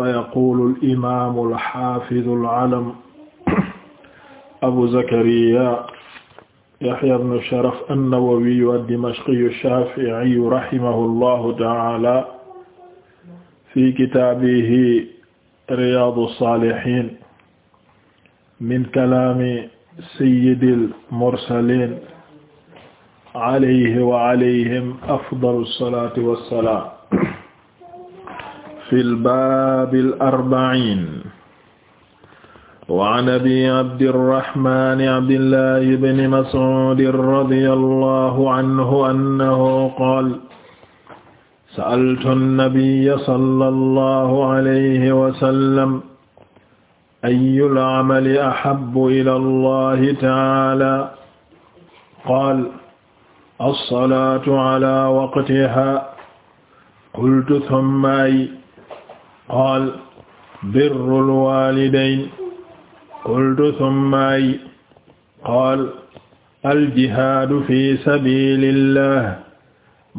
فيقول الإمام الحافظ العلم أبو زكريا يحيى بن شرف النووي الدمشقي الشافعي رحمه الله تعالى في كتابه رياض الصالحين من كلام سيد المرسلين عليه وعليهم أفضل الصلاة والسلام fil baabil arba'iin wa an abi abdirrahmaani abdillahi ibni mas'uudin radiyallahu anhu annahu qaala sa'altu nabiyya sallallahu alayhi wa sallam ayyul amali ahabbu ila allahi ta'aala qaala as-salaatu ala waqtihaa qultu thumma ay qaal birrul waalidayn qultu summa ay qaal aljihaadu fi sabilillah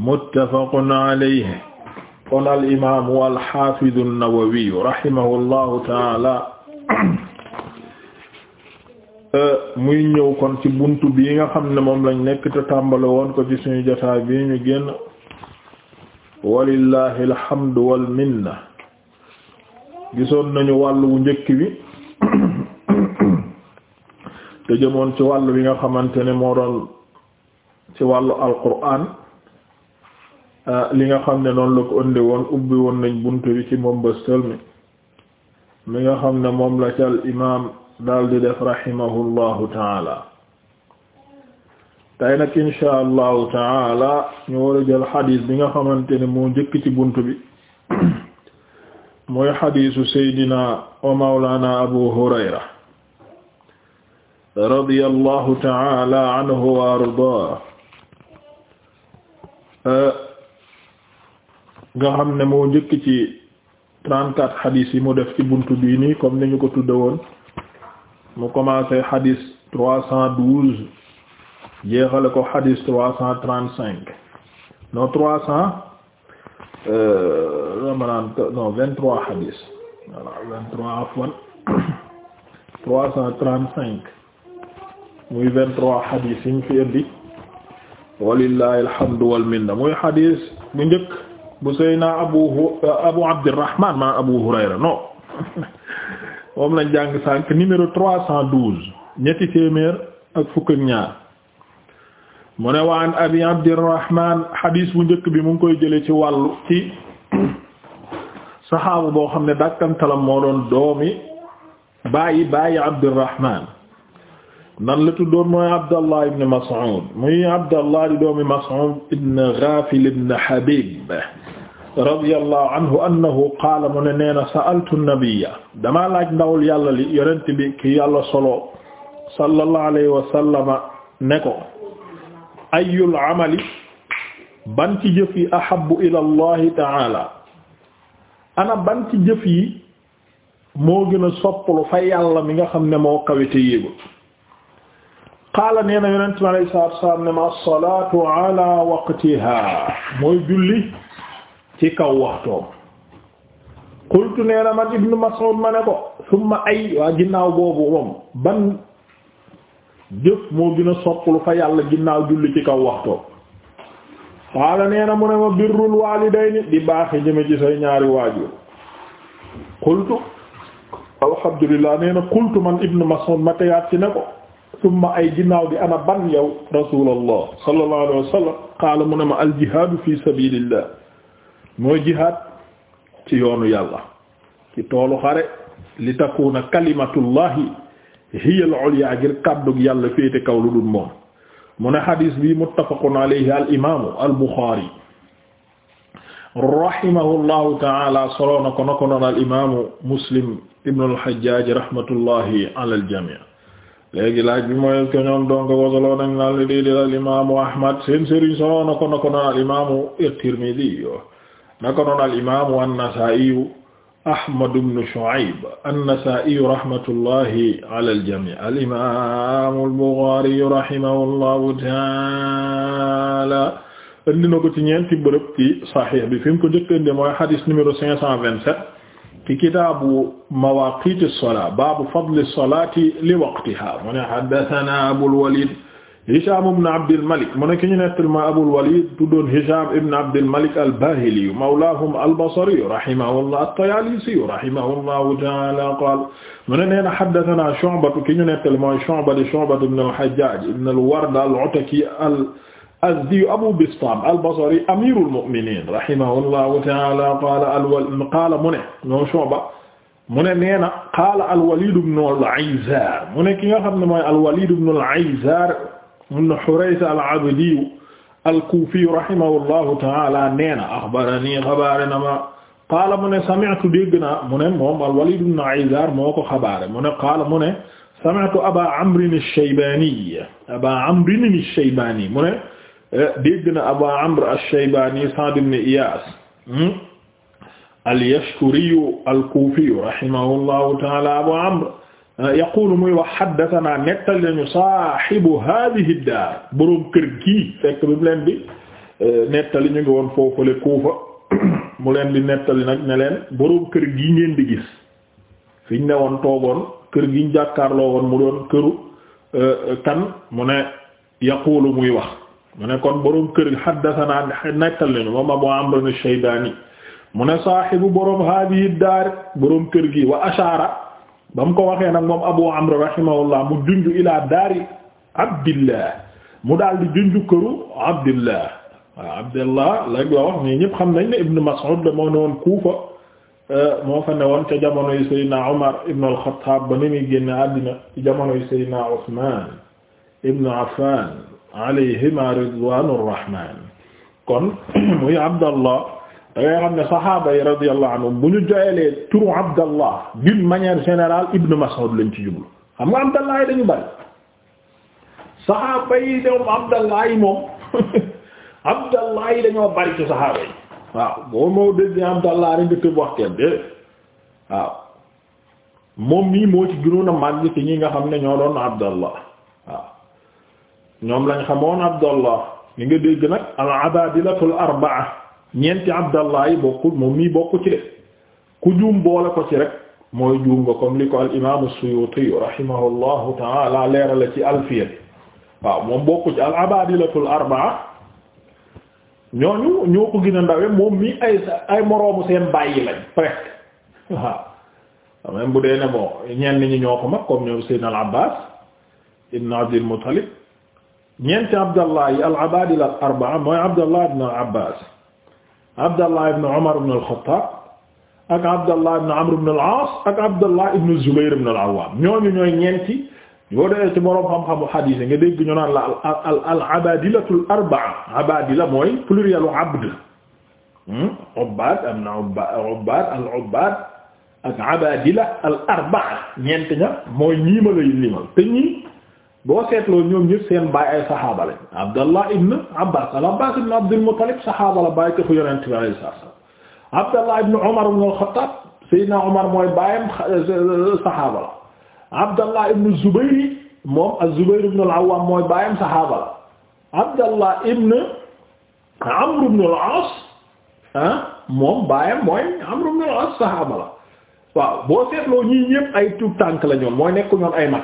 muttafaqun alayhi kon al imaamu alxaafidu nnawawiyu rahimahu llahu taala muy ñëw kon ci buntu bii nga xam ne moom lañ nekk te tàmbale woon ko ci suñu jotaay bii ñu génn walillahi alhamdu wal minna gisoon nañu wàll bu njëkk bi te jëmoon ci wàll wi nga xamante ne moo doon ci wàllu alquran ah, li nga xam ne noonu la ko ëndi woon ubbi woon nañ bunt bi ci moom bëstal mi mi nga xam ne moom la ci al imaam daal di def rahimahullahu taala tey nag insha allahu taala ñu war a jël xadiis bi nga xamante ne moo njëkk ci bunt bi mooy xadiisu seydina wa mawlaana abu hurayra radiyallahu taala anhu wa ardaa nga xam ne moo njëkk ci trente-quatre xadiis yi mu def ci buntu bii nii comme ni ñu ko tudde woon mu commencé xadiis trois cent jeexale ko xadiis trois cent trente-cinq non Euh, ma naan non vingt trois hadis voilà vingt trois afwan trois cent muy vingt trois hadis yi ñu fi alhamdu wal muy hadis bu njëkk bu seyna abu euh, abu abdurrahman ma abu hurayra non moom lañ jàng sànq numéro ñetti téeméer ak fukk ak ñaar mu ne waan abi abdirahman hadis bu njëkk bi mu ngi koy jële ci wàllu ci saxaabu boo xam ne dàkkantalam moo doon doomi bàyyi bàyyi abdirahman nan la tuddoon mooy abdallah ibn mas'ud muy abdallah di doomi mas'ud ibn ghafil ibn habib radiyallahu anhu annahu qaala mu ne nee na sa'altu nabiyya damaa laaj ndawul yàlla li yonent bi ki yàlla solo sallallahu alayhi wa sallama ne ko ayul amali ban ci jëf yi ahabbu ila allahi taala ana ban ci jëf yi moo gën a soppalu fa yàlla mi nga xam ne moo kawite yéegu qaala nee na yonent mi alayhi salaatu wa salaam ne ma as-salaatu ala waqtiha mooy julli ci kaw waxtoom qultu nee na man ibnu Mas'ud ma ne ko summa ay waa ginnaaw boobu moom ban jëf moo gën a sopplu fa yàlla ginnaaw julli ci kaw waxtoo xaala nee na mu ne ma birrul waalidayni di baaxe jëme ci say ñaari waajur qultu alhamdulillah nee na qultu man ibnu Mas'ud ma teyaat ci ne ko summa ay ginnaaw bi ana ban yow rasulallah sallallahu alayhi wa sallam qaala mu ne ma al fi sabilillah mooy jihaad ci yoonu yàlla ci toolu xare li takuna kalimatullahi hiya al-ulya ngir kàddug yàlla féete kaw lu dul moom mu ne xadis bi muttafaqun alayhi al imaamu al buxaari rahimahullahu taala soloo na ko na ko noon al imaamu muslim ibnu al hajjaaj rahmatullahi ala al jamii léegi laaj bi mooy ko ñoom donc wasaloo nañ naan li di di al imaamu ahmad seen sëriñ soloo na ko na ko noon al imaamu at-tirmidhi na ko noon al imaamu an-nasaa'i Ahmad ibn Shu'ayb an-Nasaa'i rahmatullahi ala al-jamii' al-imaam al-Bukhaari rahimahullahu ta'aala indi na ko ci ñeenti bërëb ci Sahih bi fi mu ko njëkk a indi mooy hadith numéro 527 ci kitaabu mawaaqiit as-salaat baabu fadli as-salaati li waqtihaa mu ne haddathanaa Abul Waliid Hisham ibn Abdil Malik mu ne ki ñu nettali ma Abul Walid tuddoon Hisham ibn Abdil Malik al-Bahili mawlahum al-Basri rahimahullah at-Tayalisi rahimahullahu ta'ala qala mu ne nee na haddathana Shu'ba ki ñu nettali mooy Shu'ba di Shu'ba ibn al-Hajjaj ibn al-Ward al-Ataki al-Azdi Abu Bistam al-Basri amirul mu'minin rahimahullahu ta'ala qala qala mu ne ñoo Shu'ba mu ne nee na qaala al-Walid ibn al-Ayzar mu ne ki nga xam ne mooy al-Walid ibn al-Ayzar ibn Hurayth al-Abdi al-Kufi rahimahullahu ta'ala neena axbarani xabaare na ma qaala mu ne sami'tu dégg naa mu ne moom al-Walid ibn Izar moo ko xabaare mu ne qaala mu ne sami'tu Aba Amr ash-Shaybani Aba Amr ash-Shaybani mu ne eh, dégg na Aba Amr ash-Shaybani Sa'd ibn Iyas hmm, al-Yashkuri al-Kufi rahimahullahu ta'ala Abu Amr Euh, yaqulu muy wax haddathana nettali nañu saahibu hadhihi daar boroom kër gi fekk bi mu leen bi euh, nettali ñu ngi woon foofule Kuufa mu leen di nettali nag ne leen boroom kër gii ngeen di gis fi ñu ne woon toogoon kër gi ñu jàkkaarloo woon mu doon këru euh, kan mu ne yaqulu muy wax mu ne kon boroom kër haddathana nettali nañu moom Abu Amr ash-Shaybani mu ne saahibu boroom hadhihi daar boroom kër gi wa ashaara ba mu ko waxee nag moom Abu Amr rahimahullah mu junj ilaa daari Abdillah mu daal di junj këru Abdillah waaw Abdillah léegi la wax nii ñëpp xam nañ ne Ibn Mas'ud da moo ne Kuufa euh, moo fa ne woon ca jamonoy Seydina Umar Ibn al-Khattab ni muy génne àddina ci jamonoy Seydina Usmaan Ibn Affan alayhima ridwaanu rahmaan kon muy Abdallah da ngay xam ne saxaaba yi bu ñu joyelee turu abdallah d'une manière générale ibn Mas'ud lañ ci jublu xam nga abdallah yi dañu bari saxaaba yi ñoom abdallah yi dañoo bari ci saxaaba waaw boo moo déggee abdallah rek nga tëb wax kenn de waaw moom mii moo ci gënoon a màgg ci ñi nga xam ne ñoo doon abdallah waaw ñoom lañ xamoon abdallah li nga dégg nag al abadilatul arbaa ñeenti abdallah yi moom mii bokk ci de ku juum boole ko ci rek mooy juum nga comme li ko al imaamu suyuti rahimahullahu taala leerale ci alfiya waaw moom bokku ci al arbaa ñooñu ñoo ko gën ndawe moom mii ay moroomu seen bàyyi lañ presque waaw bu dee ne bon ñenn ñi ñoo ko mag comme ñoom seydna al abbas ibn abdil muttalib ñeenti abdallah al abadila al arbaa mooy abdallah ibn abbas Abdallah ibn Umar ibn al-Khattab ak Abdallah ibn Amr ibn al-As ak Abdallah ibn Zubayr ibn al-Awwam ñooñu ñooy ñeenti yoo dee ci boroom xam-xamu xadiis nga dégg ñu naan la al al al abadilatul arbaa abadila mooy plurielu abd hmm? ubbaad am na ubbaad al ubbaad ak abadila al arbaa ñeent ña mooy ñiima lay limal te ñii boo seetloo ñoom ñëpp seen baay ay saxaaba lañ Abdallah ibn Abbas al Abbas ibn Abdul saxaaba la baay ko fu yonent bi alayhi salaatu salaam Abdallah ibn al-Khattab mooy baayam euh, euh, euh, saxaaba la Abdallah moom az-Zubayr ibn al-Awwam mooy baayam saxaaba la Abdallah ibn Amr ibn al-As ah, moom baayam mooy Amr ibn al-As saxaaba la waaw boo seetloo ñii ñëpp ay tuut tànk la mooy nekku ñoon ay mag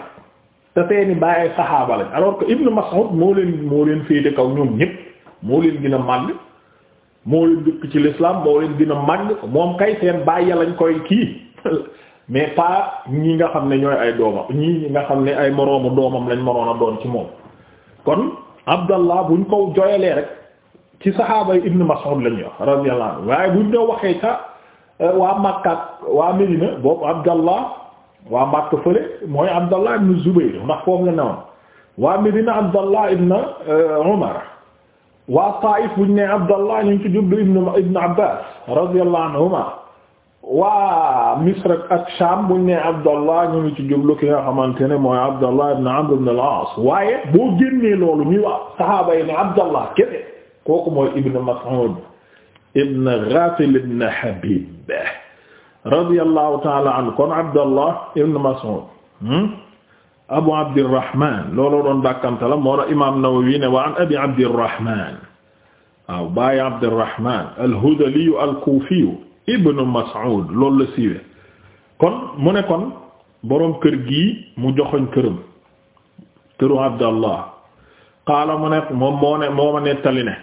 te seeni bàyyi saxaaba lañ alors que Ibn Mas'ud moo leen moo leen féete kaw ñoom ñëpp moo leen gën a moo leen dëkk ci l'islam moo leen gën a moom kay seen bàyyi lañ koy kii mais pas ñi nga xam ne ñooy ay doomam ñii nga xam ne ay moroomu doomam lañ moroon a doon ci moom kon Abdallah buñ kow jooyalee rek ci saxaaba yi Ibn Mas'ud lañuy wax radiyallahu anhu waaye buñ doo waxee ca euh, waa Makka waa Medina boobu Abdallah waa Makka fële mooy Abdallah ibn Zubayr ndax foofu la newoon waa Medina Abdallah ibn euh, Umar waa Taif buñ ne Abdallah ñu ngi ci jublu ibn ibn Abbas radiyallahu anhuma waa Misr ak Sham buñ ne Abdallah ñu ngi ci jublu ki nga xamante ne mooy Abdallah ibn Amr ibn al-As waaye boo génnee loolu ñuy wax saxaaba yi ne Abdallah kese kooku mooy ibn Mas'ud ibn Ghafil ibn Habib radiyallahu taala an kon Abdallah ibn Mas'ud hmm? Abu Abdirrahman looloo doon dàkkanta la moo tax imaam Nawawi ne wa an abi Abdirrahman waaw baay Abdirrahman al-Hudali al-Kufi ibn Mas'ud loolu la siiwee kon mu ne kon boroom kër gii mu joxoñ këram këru Abdallah qaala mu ne moom moo ne moo ma nettali ne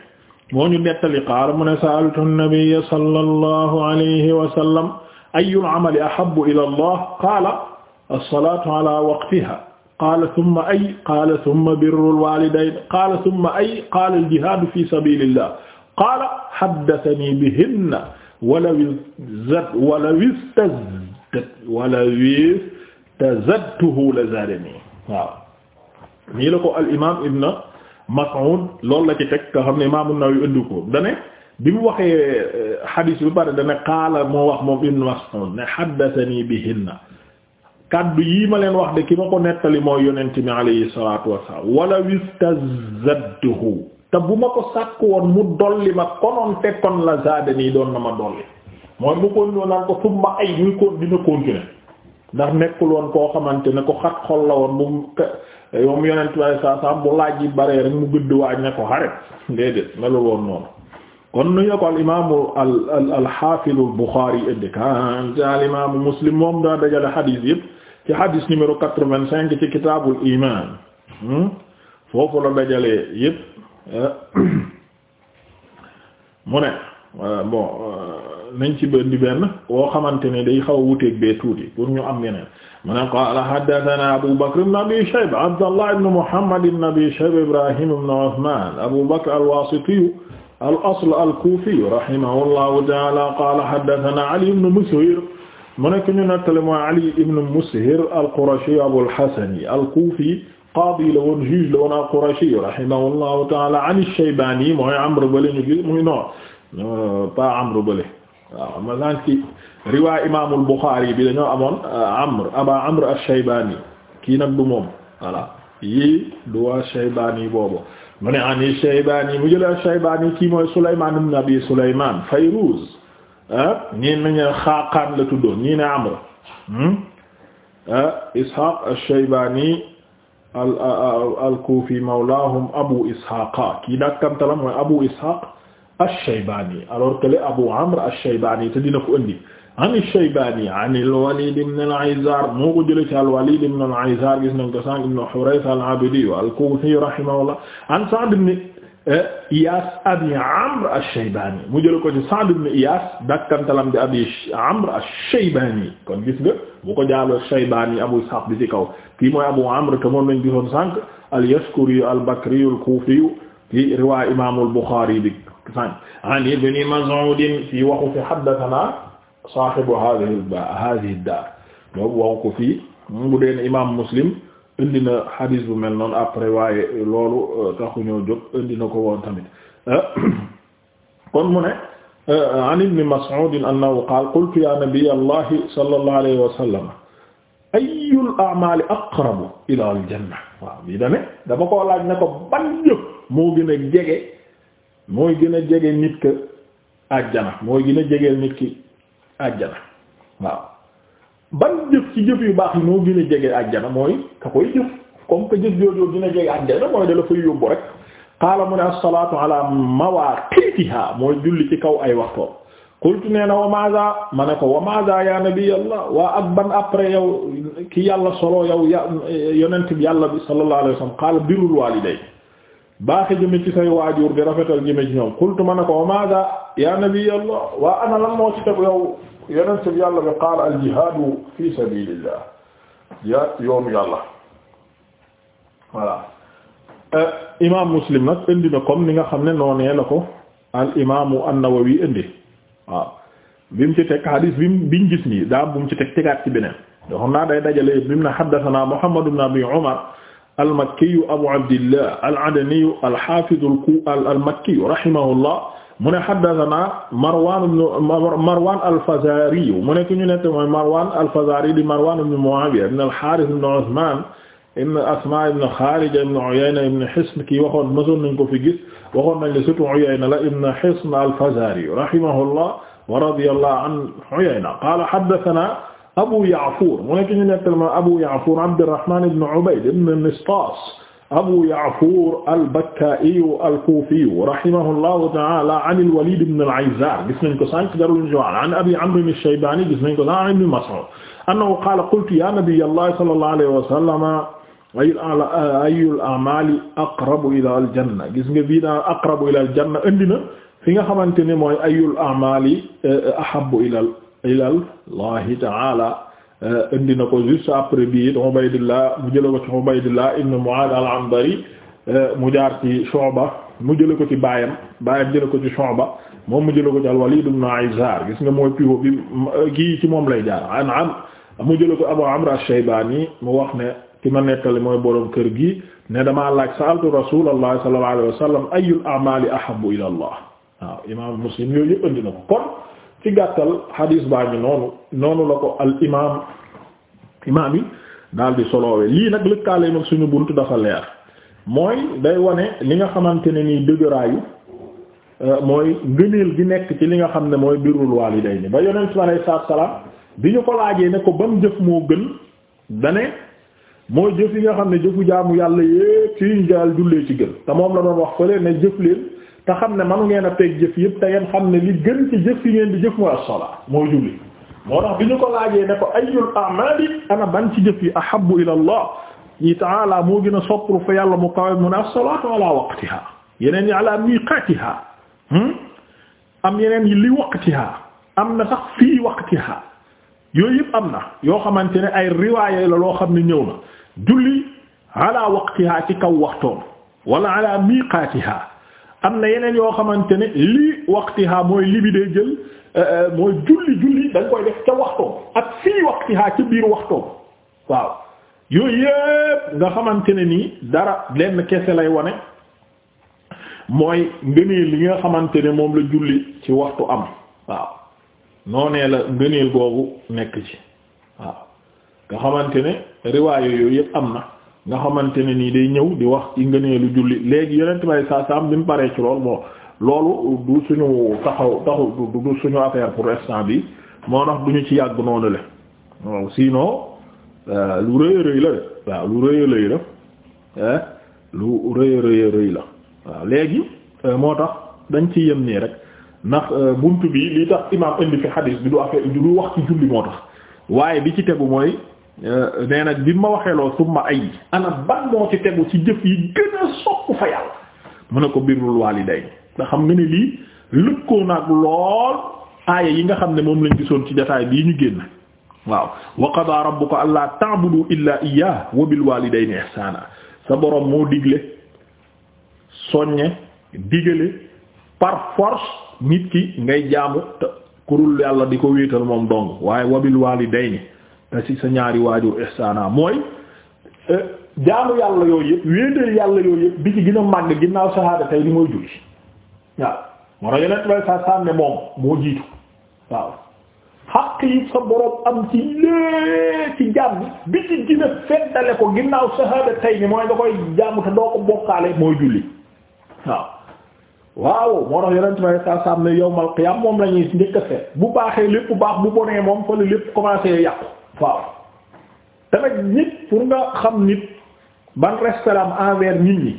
moo ñu nettali qaala mu ne sa'altu an-nabiyya sallallahu alayhi wa sallam ayyul amali ahabbu ila allah qaala as-salaatu ala waqtiha qaala thumma ay qaala thumma birrul waalidayn qaala thumma ay qaala al-jihaadu fi sabiilillah qaala haddathanii bihinna walaw zad walaw istazad walaw istazadtuhu la zaadanii waaw nii la ko al imaam ibn Mas'ud loolu la ci teg nga xam ne imaam an-Nawawi indi ko dane bi mu waxee euh, xadiis bi bari dana qaala moo wax moom Ibn Mas'ud ne haddathanii bihinna kaddu yii ma leen wax de ki ma ko nettali mooy yonent mi alayhi salaatu wassalaam wala wistazadtuhu te bu ma ko sàkk woon mu dolli ma konoon te kon la zaadanii doon na ma dolli mooy bu ko ñëw ko summa ay muy ko dina continuer ndax nekkul woon koo xamante ne ko xat xol la woon bu mu moom yonent bi alayhi salaatu bu laaj yi baree rek mu gëdd waaj ne ko xaret déedéet melul kon nu ñu ko al imaamu al al al xaafizu al Buxaari indi kan al imaamu Muslim moom daa dajale xadiis yëpp ci xadiis numéro quatre-vingt-cinq ci kitaabul imaan hmm? foofu la dajale yëpp eh, mu ne bon euh, nañ ci bëndi benn woo xamante ne day xaw a wuteeg bee tuuti pour ñu am yeneen mu ne qaala haddasanaa Abu Bakr ibn Abi Shayba Abdallah ibn Muhammad ibn Abi Shayba Ibrahim ibn Usmaan Abu Bakr al-Waasitiyu al asl al kuufi rahimahullahu ta'ala qaala haddathana Ali ibn Mushir mu nekk ñu nettali mooy Ali ibn Mushir al qurashi abul hasan al kuufi qaadi la woon juge la woon al qurashi rahimahullahu ta'ala an ash-Shaybani mooy Amr Bale ñu gis muy non pas Amr Bale waaw ma naan ci riwaay imaamul Bukhari bi dañoo amoon euh, Amr Aba Amr ash-Shaybani kii nag du moom voilà yii du waa Shaybani boobu. mu ne ani Shaybani mu jëlee Shaybani kii mooy Sulaymaan ibn Abi Sulaymaan Fayruz ah ñii nañu Xaqaan la tuddoon ñii ne Amr hmm? ah, Ishaq ash-Shaybani al al-Kufi mawlaahum Abu Ishaq kii nag tamtalam mooy Abu Ishaq ash-Shaybani alors que le Abu Amr ash-Shaybani te dina ko indi. an Shaybani an al-Walid ibn al-Izar moo ko jëlee ci al-Walid ibn al-Izar gis nañ ko sànq ibn Hurayth al-Abdi al-Kufi rahimahullah an Sa'd ibn eh, Iyas Abi Amr al-Shaybani mu jëlee ko ci Sa'd ibn Iyas dakkantalam di Abi Amr al-Shaybani kon gis nga bu ko jaaloo Shaybani Abu Ishaq bi ci kaw kii mooy Abu Amr te moom lañ gisoon sànq al-Yashkuri al-Bakri al-Kufi ci riwaaya Imam al-Bukhari bi sànq an Ibn Mas'ud fii waxu fi haddathana saahibu hadhihi hadhihi daar boobu wax ko fii mu deen imam muslim indi na hadis bu mel noonu après waaye loolu euh, taxuñoo jóg indi na ko woon tamit euh, kon mu ne euh, an ibni mas'ud annahu qaala qultu ya nabiy allah sallallahu alayhi wa sallam ayyul a'maali aqrabu ila al janna waaw bii dane dama koo laaj ne ko ban jëf moo gën a jege mooy gën a jege nit ki àjjana mooy gën a jegeel nit ki àjjana waaw ban jëf ci jëf yu baax yi moo gën a jege àjjana mooy ka koy jëf comme que jëf joojoo gën a jege àjjana mooy da la fay yóbbu qaala mu ne as-salaatu ala mawaaqiitiha mooy julli ci kaw ay waxtoom qultu nee na wa maaza ma ne ko wa maaza ya nabiyallah waa ak ban après ki yàlla solo yow ya bi yàlla bi sallallahu alayhi baaxe jëme ci say waajur di rafetal jëme ci ñoom qultu ma ne ko wa maada ya nabi allah waa ana lan moo ci teg yow yonent bi yàlla bi qaala al jihaadu fi sabilillah jihaad yoonu yàlla voilà eh, muslim nag indi na comme ni nga xam ne noonee la ko al imaamu an-Nawawi indi bi mu ci teg hadith bi mu gis nii daa bu ci teg tegaat ci beneen doxoon naa day dajale yëpp bi mu Muhammad ibn Abi Umar almakkiyu abu abdillah aladaniyu alxafidu almakkiyu rahimahullah mu ne haddathana marwan marwan alfazariyu mu ne ki ñu nett mooy marwan alfazari di marwan ibn muawiya ibn alxaaris ibn usman ibn asma ibn xaarija ibn uyayna ibn hisn kii waxoon mësoon nañ ko fi gis waxoon nañ le surtout uyayna la ibn hisn alfazariyu rahimahullah wa radiyallahu an uyayna qala haddathana Abu Ya'fur mu nekk ñu nettal ma Abu Ya'fur Abdurrahman ibn Ubayd ibn Mistas Abu Ya'fur al-Bakka'i al-Kufi rahimahullahu ta'ala an al-Walid ibn al-Ayzar gis nañ ko sànq jarul ñu joxe an Abi Amr ash-Shaybani gis nañ ko an Ibn Mas'ud annahu qala qultu ya nabiyyallahi sallallahu alayhi wa sallam ayyul a'mali aqrabu ila al-janna gis nga bii daal aqrabu ila al-janna andi na fi nga xamante ne mooy ayyul a'mali eh, eh, ahabbu ila ilallahi taala eh, indi na ko juste après bi it Ubaydillah mu jële ko ci Ubaydillah ibn Mu'ad al-Anbari eh, mu jaar ci Shu'ba mu jële ko ci baayam baayam jële ko ci Shu'ba moom mu jële ko ci al-Walid ibn Izar gis nga mooy pivot bi eh, kii ci moom lay jaar an am mu jële ko Abu Amr ash-Shaybani mu wax ne ki ma nettali mooy borom kër gi ne damaa laaj sa'altu Rasulullah sallallahu alayhi wa sallam ayyul a'mali ahabbu ila Allah waaw imam Muslim yooyu yëpp indi na ko kon ci gàttal hadis baa noonu noonu la ko al imaam imaam yi daal di soloowe lii nag lëkkaale nag suñu bunt dafa leer mooy day wane li nga xamante ne nii dëgëraayu euh, mooy ngëneel gi nekk ci li nga xam ne mooy birrul waalidayni ba yonent bi alayhi salaatu salaam bi ñu ko laajee ne ko bam jëf moo gën dane mooy jëf yi nga xam ne jëfu jaamu yàlla yépp ci ñu jaal jullee ci gën te moom la doon wax fële ne jëf leen te xam ne man ngeen a peeg jëf yëpp te ngeen xam ne li gën ci jëf yi ngeen di jëf mooy as-salaa mooy julli moo tax bi ñu ko laajee ne ko ayyul a'maali ana ban ci jëf yi ahabbu ila Allah yi ta'ala moo gën a soppru fa yàlla mu kawe mu ne as-salaatu ala waqtiha yeneen yi ala miqaatiha hmm? am yeneen yi li waqtiha am na sax fii waqtiha yooyu yëpp am na yoo xamante ne ay riwaaya la loo xam ne ñëw na julli ala waqtiha ci kaw waxtoon wala ala miqaatiha am na yeneen yoo xamante ne lii waqtiha mooy li bi day jël euh, euh, mooy julli julli da koy def ca waxtoom ak fii waqtiha ca biir waxtoom waaw yooyu yépp nga xamante ne nii dara lenn kese lay wane mooy ngëneel li nga xamante ne moom la julli ci waxtu am waaw noonee la ngëneel googu nekk ci waaw nga xamante ne riwaayo yooyu yépp am na nga xamante ne nii day ñëw di wax ci ngëneelu julli léegi yonent bay saa saam bi mu paree ci lool moo loolu du suñu taxaw taxu du suñu affaire pour l'instant bi moo tax duñu ci yàgg noonu le waaw sinon euh, lu rëy rëy la de waaw lu rëy rëy la lu rëy rëy la waaw léegi euh, moo tax dañ ci yem nii rek ndax euh, bunt bi li tax imaam indi fi xadiis bi du affaire du wax ci julli moo tax waaye bi ci tegu mooy nee euh, na bi ma waxee lool summa ay ana ban moo ci tegu ci jëf yi gën a fa yàlla mu ne ko birrul waaliday nga xam nga ne lii lëkkoo nag lool aaya yi nga xam ne moom lañ gisoon ci jotaay bii ñu génn waaw wa qadaa rabbuka allaa ta'budu illaa iyyaahu wa bil waalidayni ihsaana sa boroom moo digle soññe digale par force nit ki ngay jaamu te kurul yàlla di ko wéetal moom dong waaye wa bil waalidayni te ci sa ñaari waajur ihsaana mooy eh, jaamu yàlla yooyu yëpp wéetal yàlla yooyu yëpp bi ci gën a màgg ginnaaw sahaada tey li mooy julli waaw moo tax yeneen way sa sànne moom moo jiitu waaw xaq yi sa ci lée ci jaam bi bi a feddale ko ginnaaw sahaada tey ni mooy da koy jaamu te doo ko bokkaale moo moom la ñuy a seet bu baaxee lépp baax bu bonee moom fa la lépp commencé yàqu waaw te nit pour xam nit ban respect am envers nit ñi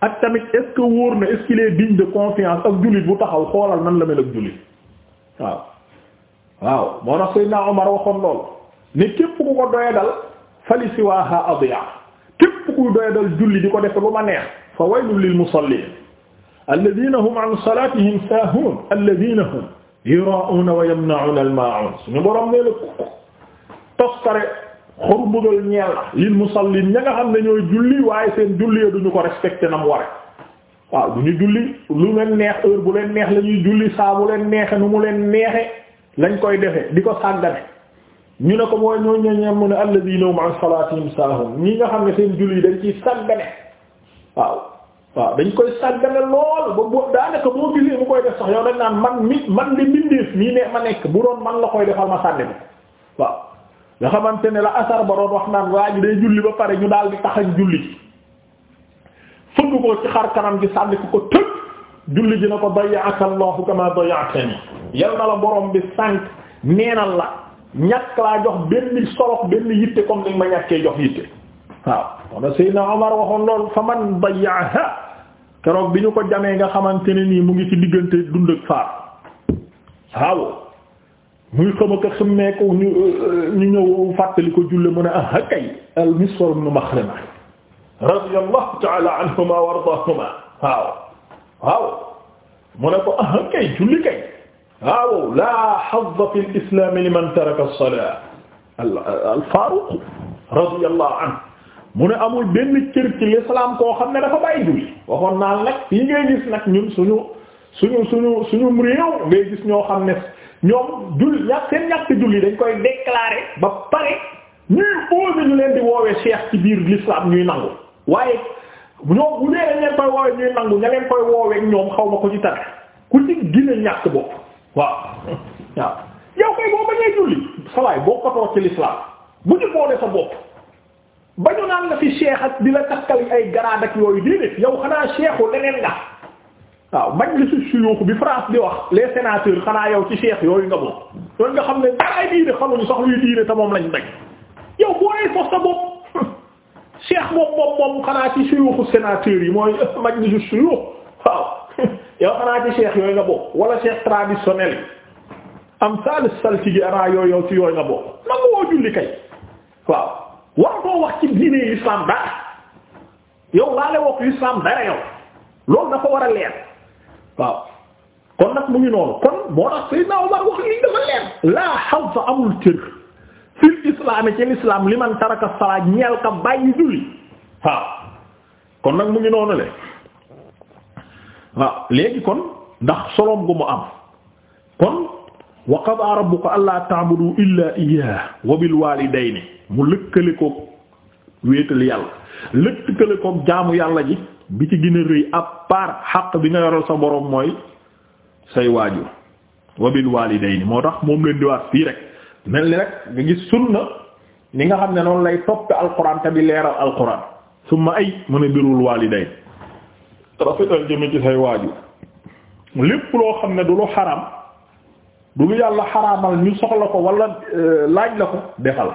ak tamit est-ce que wóor na est-ce qu'il est digne ak jullit bu taxaw xoolal nan la mel ak jullit waaw waaw moo tax Seydina Omar waxoon lool ne képp ku ko doyadal fali siwaha adiya képp ku doyadal julli di ko def lu ma neex fa waylul lil musallin alladhina hum an salatihim sahun alladhina hum yura'una wa toskare xor mbugal ñeel na lil musallin ña nga xam ne ñooy julli waaye seen julli duñu ko respecté nam ware waaw du julli lu leen neex heure bu leen neex lañuy ñuy julli saa bu leen neexe nu mu leen neexe lañ koy defe di ko sàggane ñu ne ko mooy ñoo ñeñe mu ne alladina hum an salatihim saahun ñi nga xam ne seen julli dañ ciy sàggane waaw waaw dañ koy sàggane lool ba boo daanaka boo gisee mu koy def sax yow dañ naan man mi man di mbindeef ma nekk bu man la koy defal ma sànni bi nga xamante ne la asar ba doon wax naan waaj day julli ba pare ñu daal di taxañ julli ji fëgg ko ci xar kanam gi sànni ku ko tëj julli ji na ko dayyaka Allahu kama dayyatani yal na la borom bi sànq neenal la ñàkk laa jox benn solox benn yitte comme ni ma ñàkkee jox yitte waaw kon Seydina Omar waxoon lool fa man dayyaha keroog bi ñu ko jamee nga xamante ne nii mu ngi ci diggante dund ak faar waaw muy xam ak a xammeeku ñu euh, ñu ñëw fàttali ko julle mu ne ah kay al Miswar ibn Maxrama radiyallahu ta'ala anhuma wa ardaahuma waaw waaw mu ne ko ah kay julli kay waaw laa hazza fil islaam liman taraka as-salaat al Faaruq radiyallahu anhu mu ne amul benn cër ci l'islam koo xam ne dafa bàyyi julli waxoon naa nag yi ngay gis nag ñun suñu suñu suñu suñu réew ngay gis ñoo xam ne ñoom julli ñàkk seen ñàkk julli dañ koy déclarer ba pare ñuy posé ñu leen di woowee cheikh ci biir l'islam ñuy nangu waaye ñoom bu dee dañ leen koy woowee ñuy nangu ña leen koy woowee ñoom xaw ma ko ci tare ku ci gina ñàkk bopp waaw waaw yow koy boo bañee julli sawaay boo kotoo ci l'islam bu ci boole sa bopp bañu naan la fi cheikh ak di la takkal ay garaad ak yooyu déedéet yow xanaa cheikhu leneen nga waaw majlisu shuyukh bi France di wax les sénateurs xanaa yow ci cheikh yooyu nga bokk yooyu nga xam ne daraay diine xamuñu sax luy diine te moom lañ bañ yow boo lay foog sa bopp moom moom moom ci shuyukh sénateurs yi mooy majlisu shuyukh waaw yow xanaa ci cheikh yooyu nga bokk wala cheikh traditionnel am saalis saltigi anaa yooyu yow ci yooyu nga bokk nangu woo julli kay waaw war koo wax ci diine islam dara yow laale wokk islam dara yow loolu dafa war a leer waaw kon nag mu ngi noonu kon moo tax Seydina Omar wax lii dafa leer laa hazza amul cër fil islam ci l'islam li man taraka salaa ñeel ka bàyyi julli waaw kon nag mu ngi noonu le waaw léegi kon ndax solom gu mu am kon wa qadaa rabbuka allaa ta'budu illaa iyyaahu wa bil mu lëkkale koog wéetal yàlla lëkkale koog jaamu yàlla ji bi ci gën a rëy à part xaq bi nga yoral sa borom mooy say waajur wabil walidayni moo tax moom leen di waat fii rek mel ni rek nga gis sunna ni nga xam ne noonu lay topp alquran te bi leeral alquran summa ay mu ne birul walidayn rafetal jëme ci say waajur lépp loo xam ne du lu xaram du lu yàlla xaraamal ñu soxla ko wala euh, laaj la ko defal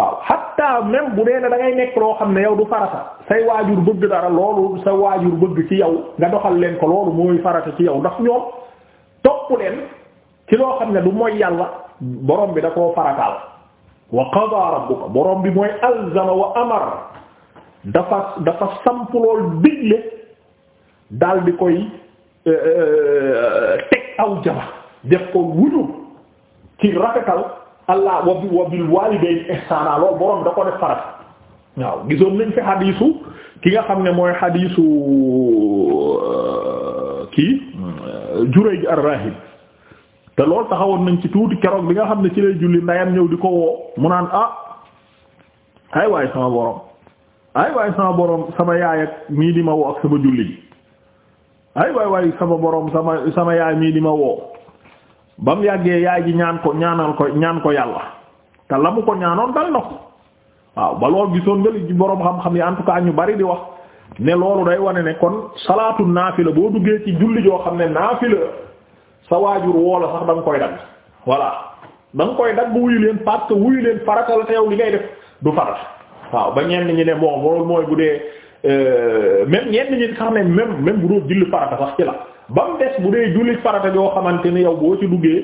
waaw hatta même bu dee ne dangay nekk loo xam ne yow du farata say waajur bëgg dara loolu sa waajur bëgg ci yow nga doxal leen ko loolu mooy farata ci yow ndax ñoom topp leen ci loo xam ne du mooy yàlla boroom bi da koo farataal wa qada rabbuka borom bi mooy alzama wa amar dafa dafa samp lool digle daal di koy euh, euh, teg aw jaba def ko wuñu ci rafetal allah wa bi wa bil waalidayni ihsaana loolu borom da ko def farat waaw gisoon nañ fi xadiisu ki nga xam ne mooy xadiisu euh, kii euh, Jurayj ar-Raahib te loolu taxawoon nañ ci tuuti keroog bi nga xam ne ci lay julli ndayam ñëw di ko woo mu naan ah ay waay sama borom ay waay sama borom sama yaay ak mii di ma woo ak sama julli ji ay waay waay sama borom sama sama yaay mii di ma woo ba mu yàggee yaay ji ñaan ko ñaanal ko ñaan ko yàlla te la mu ko ñaanoon dal na ko waaw ba lool gisoon nga li boroom xam-xam yi en tout cas ñu bari di wax ne loolu day wane ne kon salaatu naafila boo duggee ci julli joo xam ne naafila sa waajur woola sax da nga koy dagg voilà da nga koy dagg wuyu leen parce que wuyu leen farata la te yow li ngay def du farata waaw ba ñenn ñi ne bon loolu mooy bu dee euh, même ñenn ñi xam ne même même bu doo julli farata sax ci la. ba mu bu dee jullit farata yoo xamante ni yow boo ci duggee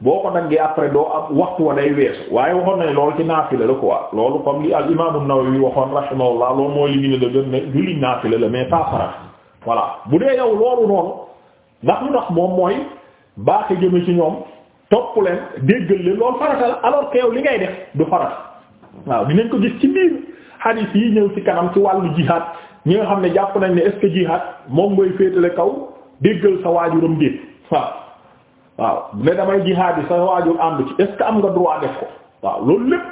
boo ko daggee après doo am waxtu wa day weesu waaye waxoon nañ loolu ci naafila la quoi loolu comme li al imaamu Nawawi waxoon rahimahullah loolu mooy li ñu ne dëgër ne jullit naafila la mais pas farata voilà bu dee yow loolu noonu ndax lu tax moom mooy baaxe jëme ci ñoom topp leen déggal leen loolu farata la alors que yow li ngay def du farata waaw dinañ ko gis ci biir hadith yi ñëw ci wàllu jihaad ñi nga xam ne jàpp nañ ne est-ce moom mooy féetale kaw. déggal sa waajuram déet waaw waaw ne damay jihaad sa waajur ànd ci est-ce que am nga droit def ko waaw loolu lépp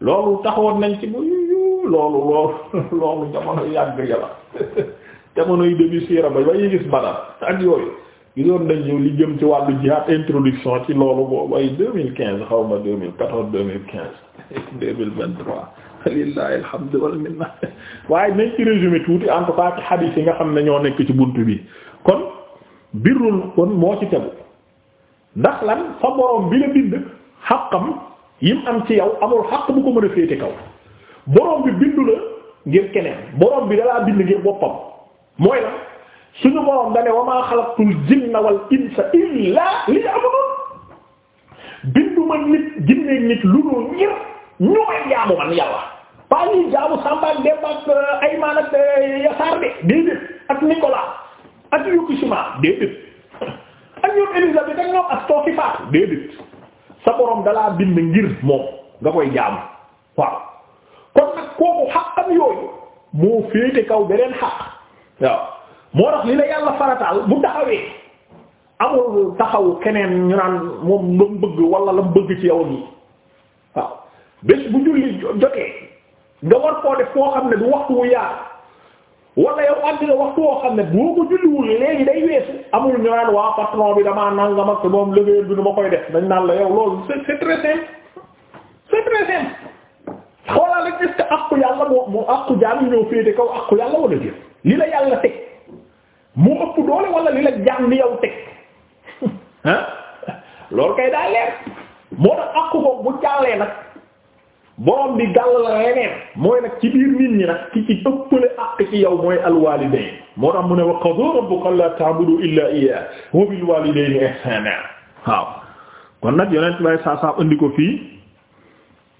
loolu taxawoon nañ ci bu loolu loolu loolu jamono yàgg ya la jamono yi début siira ba ba yi gis badar ak yooyu gisoon nañu li jëm ci wàllu jihaad introduction ci loolu boobu ay deux mille quinze xaw ma deux mille quatorze deux mille quinze deux mille vingt trois lillahi alhamdu wal minna waaye nañ ci résumé tuuti en tout cas ci xadiis yi nga ne ñoo buntu bi birrul kon moo ci tegu ndax lan fa borom bi la bind xaqam yim am ci yow amul xaq bu ko mën a féete kaw borom bi bindu la ngir keneen borom bi dalaa bind ngir boppam mooy la suñu borom da ne wa maa xalaqtul jinna wal insa illaa liya'budun bindu ma nit jinne nit lu dul ngir ñooy jaamu man yàlla pas ñuy jaamu Samba ak Demba ak euh, Ayman ak euh, Yassar de déedéet ak Nicolas. ak Fukushima déedéet ak ñoom Élisabeth ak ñoom Astor ki faatu déedéet sa borom dalaa bind ngir moom nga koy jaamu waaw kon nag kooku xaqam yooyu moo féete kaw beneen xaq waaw moo tax li la yàlla farataal bu taxawee amul taxaw keneen ñu naan moom la mu bëgg wala la mu bëgg ci yow nii waaw bés bu julli jotee nga war koo def foo xam ne du waxtu wu yaatu wala yow àgg nga waxtu woo xam ne boo ko julliwul léegi day weesu amul ñu naan waa patron bi damaa nangam ak moom liggéeyam bi na ma koy def dañ naan la yow loolu c'est très simple c'est très simple xoolal rek est-ce que àqu yàlla moo moo àqu jaam ñoo féete kaw àqu yàlla wala déet li la yàlla teg mu ëpp doole wala li la jaam yow teg ah loolu kay daa leer moo tax àqu ko bu jàllee nag. borom bi gàll la leneen mooy nag ci biir nit ñi nag ki ci ëppale àq ci yow mooy alwalidayn moo tax mu ne wa qadaa rabbuka allaa ta'budu illaa iyyaahu wa bil walidayni ihsaana waaw kon nag yonent bay saa saa andi ko fii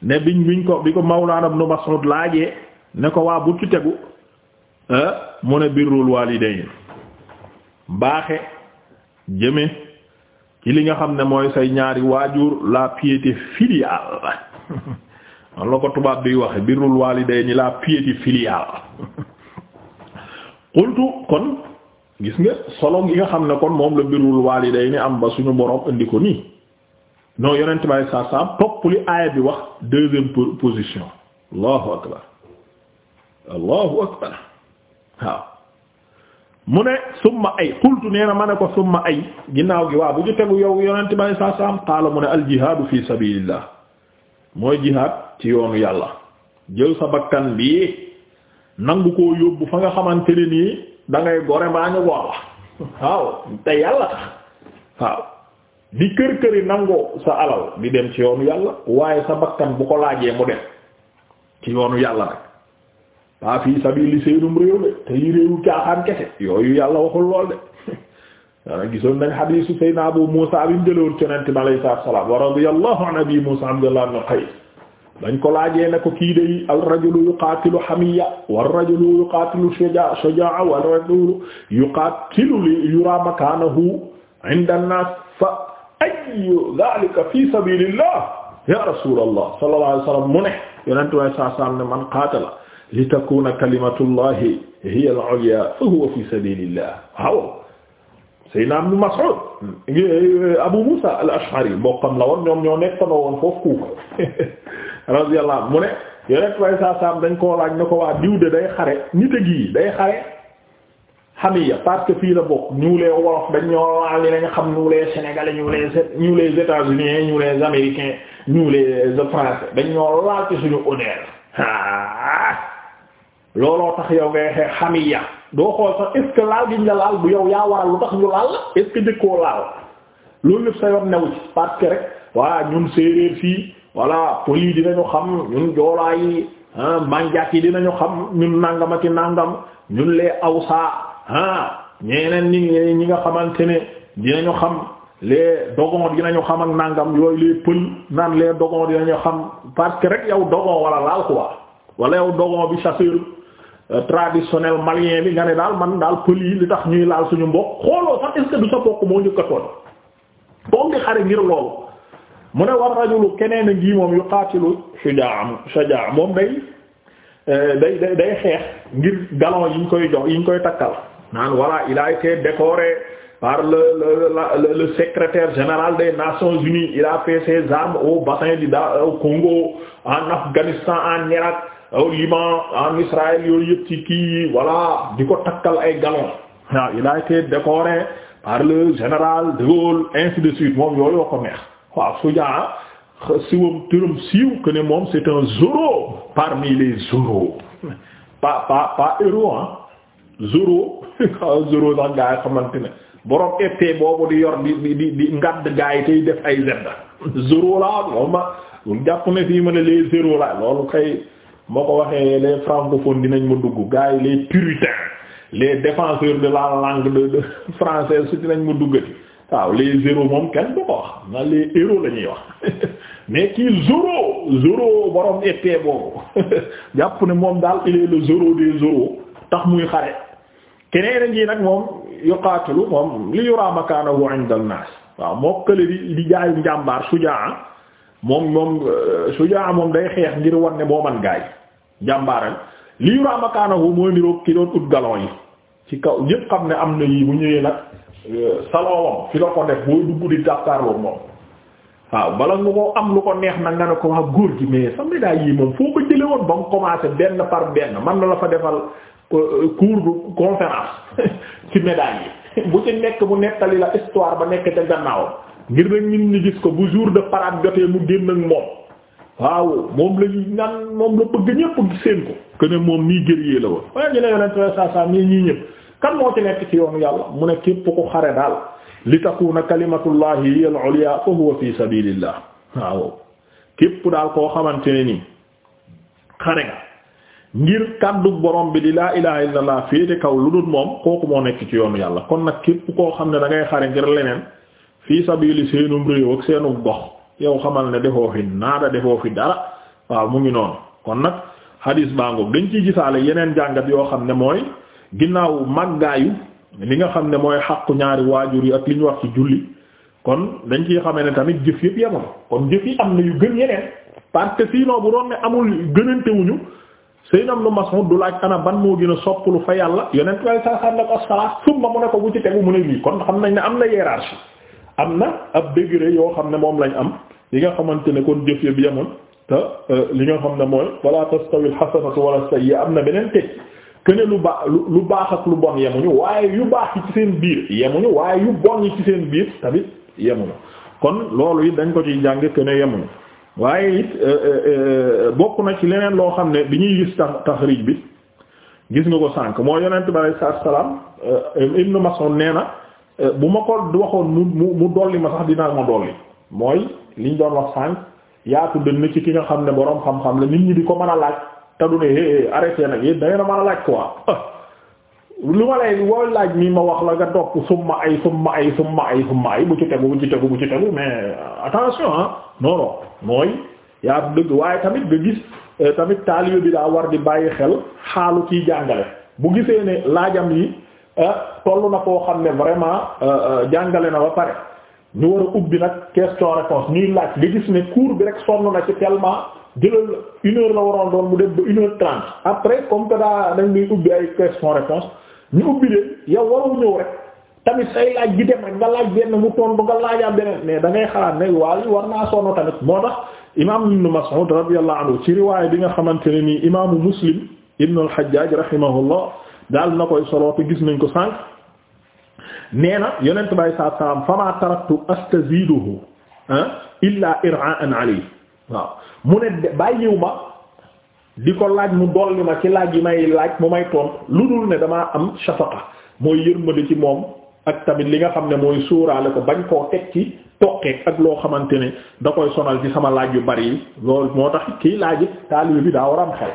ne biñ biñ ko bi ko Mawlaana Ibnu Mas'ud laajee ne ko waa bu ci tegu ah, mu ne birrul walidayn baaxe jëme ci li nga xam ne mooy say ñaari waajur la piété filiale man la ko tubaab bi waxe birrul walidayni la piété filiale qultu kon gis nga solo gi nga xam ne kon moom la birrul walidayni am ba suñu borom indi ko nii non yonent bay sa topp li aaya bi wax deuxième position allahu akbar allahu akbar waaw mu ne summa ay qultu nee na ma ne ko summa ay ginnaaw gi waaw bu ñu tegu yow yonent bay sa sa mu ne al jihaadu fi sabilillah mooy jihaad ci yoonu yàlla jël sa bakkan bi nangu koo yóbbu fa nga xamante ni nii dangay ngay gore mbaa ñu goor la waaw te yàlla tax waaw di kër këri nangoo sa alal di dem ci yoonu yàlla waaye sa bakkan bu ko laajee mu dem ci yoonu yàlla nag pas fii sabili seenum réew de te yi réewu caaxaan kese yooyu yàlla waxul lool de dana gisoon nañ xadiisu Seydina Abu Muusa bi mu jëloon Yonent bi alayhi salaatu wa salaam wa radiyallahu an Abi Muusa Abdullah ibn Qays dañ ko laajee ne ko kii day al rajulu yuqaatilu hamiya war rajulu yuqaatilu shajaa shajaa wal rajulu yuqaatilu li yura makaanahu inda an-naas fa ayyu dhaalika fi sabiilillah ya rasuulallah sallallahu alayhi wa sallam mu ne Yonent bi alayhi salaatu wa salaam ne man qaatala li takuuna kalimatullahi hiya al-'ulyaa fa huwa fi sabiilillah Seydina Ibn Mas'ud eh, Abu Musa al-Ash'ari mbokkam la woon ñoom ñoo nekkoonoo woon foofu Kuufa radiyallahu mu ne yeneen way saa saam dañ koo laaj ne ko waa diw day xare nit a gi day xare xamiya parce que fii la bokk ñu les wolof dañ ñoo laal li nañ xam ñu les sénégalais ñu les ñu les états-unis ñu les américains ñu les français dañ ñoo laal ci suñu honneur looloo tax yow ngay xamiya doo xool sax est-ce laal gi ñu laal bu yow yaa waral lu tax ñu laal la est-ce laal loolu lépp sa yoon new ci parce que rek waa ñun séeréer fii voilà pël yi dinañu xam ñun joolaa yi manjaak yi dinañu xam ñun nàngama ci nàngam ñun les awsa ah ñeneen ñi ñi nga xamante ne dinañu xam les dogon dinañu xam ak nàngam yooyu les pël naan les dogon dinañu xam parce que rek yow dogon wala laal quoi wala yow dogon bi chasseur Euh, traditionnel malien bi nga ne daal man daal pël yi li tax ñuy laal suñu mbokk xooloo sax est-ce que du sa mbokk moo njëkk a tooñ boom xare ngir loolu mu ne war rajulu keneen a ngi moom yu qaatilu shujaa shujaa moom euh, day day day xeex ngir galon yiñ koy jox yiñ koy takkal naan voilà il a été décoré par le le le secrétaire général des Nations Unies il a fait ses au bassin du Congo en Afghanistan en Irak aw liman en Israël yooyu yëpp ci kii voilà di ko takkal ay galon waaw ah, il a été décoré par le général de Gaulle ainsi de suite moom yooyu yoo ko neex waaw Soudia siwam turam siiw que ne moom c'est un Zorro parmi les Zorros pas pas pas héros hein Zorro ah Zorro sax gaa yi xamante ne boobu di yor di di di ngadd gaa tey def ay zedd Zorro la moom ma jàpp ne fii ma ne les Zorro loolu kay. moo ko waxee les francophones dinañ ma dugg gars yi les puritains les de la langue de de française dinañ ma duggati waaw les zéro moom kenn du ko wax na les héros la ñuy wax mais kii zéro zéro borom épée boobu jàpp ne moom daal il est zéro des zéros tax muy xare keneen a ngi nag moom yuqaatilu moom li yura makaanahu inda naas waaw moo kële di di jaayu njàmbaar sujaa moom moom euh, sujaa moom day xeex ngir wan ne boo man gaay jàmbaareel li yu raamakaanahu mooy niroog ki doon ut galon yi ci kaw yépp xam ne am na yi bu ñëwee nag euh, salowam fi la ko def boo dugg di jàkkaarloo moom waaw bala nga ko am lu ko neex nag nga ne ko wax góor gi mais sa médaille yi moom foo ko jële woon ba nga commencé benn par benn man na la fa defal euh, euh, cours de conférence ci médaille yi bu ci nekk mu nettali la histoire ba nekk ca gannaaw ngir nag nit ñi gis ko bu jour de parade jotee mu génn ak moom waaw moom la ñuy moom la bëgg ñëpp seen ko que ne moom nii guerrier la woon waaye ñu ne yonent bi saa saa nii ñii kan moo ci nekk ci yoonu yàlla mu ne képp ko xare daal li takuna kalimatullahi hiya al-ulya fa huwa daal koo xamante ne nii xare nga ngir kàddu borom bi di laa ilaha illallah féete kaw lu dul moom kooku moo nekk ci yoonu yàlla kon nag képp koo xam ne da ngay xare ngir leneen fii sabili seenum réew ak seenu gox yow xamal ne defoo fi naada defoo fi dara waaw mu ngi noonu kon nag hadis bangoog dañ ci gisaale yeneen jàngat yoo xam ne mooy ginnaaw màggaayu li nga xam ne mooy xàqu ñaari waajur yi ak li ñu wax ci julli kon dañ ciy xamee ne tamit jëf yëpp yemoon kon jëf yi am na yu gën yeneen parce que sinon bu doon ne amul gënantewuñu Seydina Ibn Mas'ud du laaj ana ban moo gën a soppalu fa yàlla yonent xam ne ko as-salaat summa mu ne ko bu ci tegu mu ne lii xam nañ ne am na hiérarchie am na ab degré yoo xam ne moom lañ am li nga xamante ne kon jëf yëpp yemul te euh, li nga xam ne mooy wala tastawil xasanatu wala sayyi'a am na beneen teg kene lu baax lu baax ak lu bon yemuñu waaye yu baax yi ci seen biir yemuñu waaye yu bon ci seen biir tamit yemuñu kon loolu it dañ ko ciy jàng kene yemuñu waaye it euh, euh, bokk na ci leneen loo xam ne bi ñuy gis tax taxrij bi gis nga ko sànq moo yonent bi alayhi salaam Ibnu Mas'ud nee na bu ma ko waxoon mu mu dolli ma sax dinaa ma dolli mooy liñ doon wax sànq yaatu dënn ci ki nga xam ne boroom xam-xam la nit ñi di ko mën a laaj te du ne eh, eh, arrêté nag yéen da ngeen a a laaj quoi lu ma lay wooy laaj mi ma wax la nga topp summa ay summa ay summa ay summa ay bu ci tegu bu ci tegu bu ci tegu mais euh, attention ah non non mooy yaatu dëgg waaye tamit nga gis euh, tamit taalibe bi daa war di bàyyi xel xaalu ciy jàngale bu gisee ne laajam yi euh, toll na koo xam ne vraiment jàngale na ba pare. ñu war a ubbi nag question réponse ñuy laaj nga gis ne cours bi rek sonn na ci tellement jëlal une heure la waroon doon mu dem une heure trente après comme que daa dañ ñuy ubbi ay question réponse ñu ubbi leen yow waroo ñëw rek tamit say laaj gi dem rek nga laaj benn mu tontu nga laajaa beneen mais da ngay xalaat ne waaye war naa sonn tamit moo tax imam ibn Mas'ud radiyallahu anhu ci riwaaya bi nga xamante ne nii imaamu Muslim ibn al-Hajjaj rahimahullah daal na koy soloo te gis nañ ko sànq nee na yonent bi saa salaam fama taraktu astaziduhu ah, illa ir'aan alayhi waaw mu ne bàyyiw ma di ko laaj mu dolli ma ci laaj yi may laaj mu may tontu lu dul ne damaa am shafaqa mooy yërmande ci moom ak tamit li nga xam ne mooy suuraale ko bañ koo teg ci toqeeg ak loo xamante ne da koy sonal ci sama laaj yu bari yi loolu moo tax kii laaj taalibe bi daa war a am xel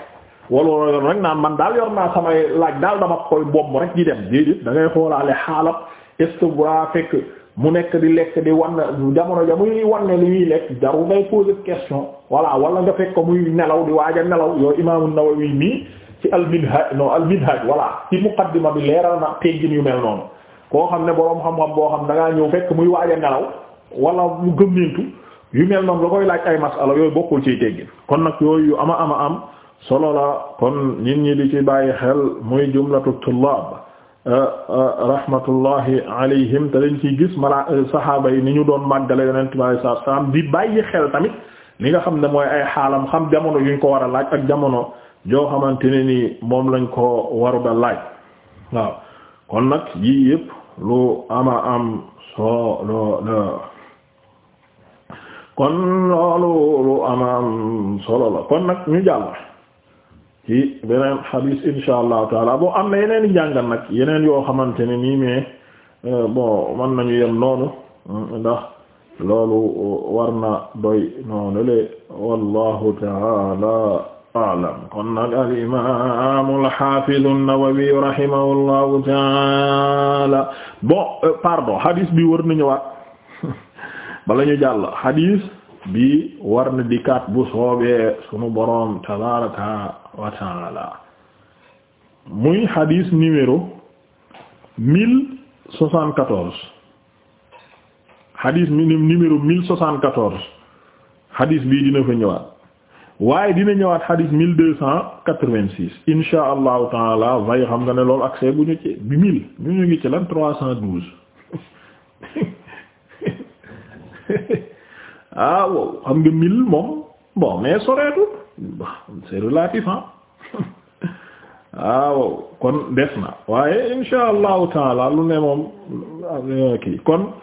wala yor rek naan man daal yor naa samay laaj daal dama koy bomb rek di dem déedéet est-ce que fekk mu nekk di lekk di wan jamono ja muy wan ne li muy lekk jaru ngay poser question voilà wala nga fekk ko muy nelaw di waaj a nelaw yow imaamu Nawawi mii ci al-Minhaj non al-Minhaj voilà ci muqaddima bi leeral na teggin yu mel noonu koo xam ne boroom xam-xam boo xam na ngaa ñëw fekk muy waaj nelaw wala mu gëmmentu yu mel noonu la koy laaj ay masala yooyu bokkul ciy teggin kon nag yooyu yu ama ama am solo la kon nit ñi di ci bàyyi xel Euh, euh, rahmatullahi alayhim te dañ ciy gis mala euh, saxaaba yi ni ñu doon màggale yonent bi sallallahu alayhi wasallam di bàyyi xel tamit li nga xam ne mooy ay xaalam xam jamono yuñ ko war a laaj ak jamono joo xamante ne ni moom lañ ko waruda laaj waaw kon nag yii yëpp lu ama am solo la kon nag ñu jàll ci beneen xadiis insha allahu taala bon am na yeneen i njàngal nag yeneen yoo xamante ne nii mais euh, bon mën nañu yem noonu mm, ndax loolu euh, war na doy noonu le wallahu taala a'lam kon nag al imaam al xaafiz an-Nawawi euh, pardon xadiis bi war na ñëwaat bala ñu jàll xadiis bi war na bu soobee sunu boroom tabaraka wa ta'ala muy hadith numéro mille soixante quatorze hadith numéro mille soixante quatorze hadith bii dina fa ñëwaat waaye dina ñëwaat hadith mille deux cent quatre vingt six insha allahu taala waaye xam nga ne loolu accès bu ñu ci bi mille ñu ñu ngi ci lan trois cent douze ah wow xam nga mille moom bon mais soreetu c'est relatif hein waaw kon des na waaye insha allahu taala lu ne moom kii kon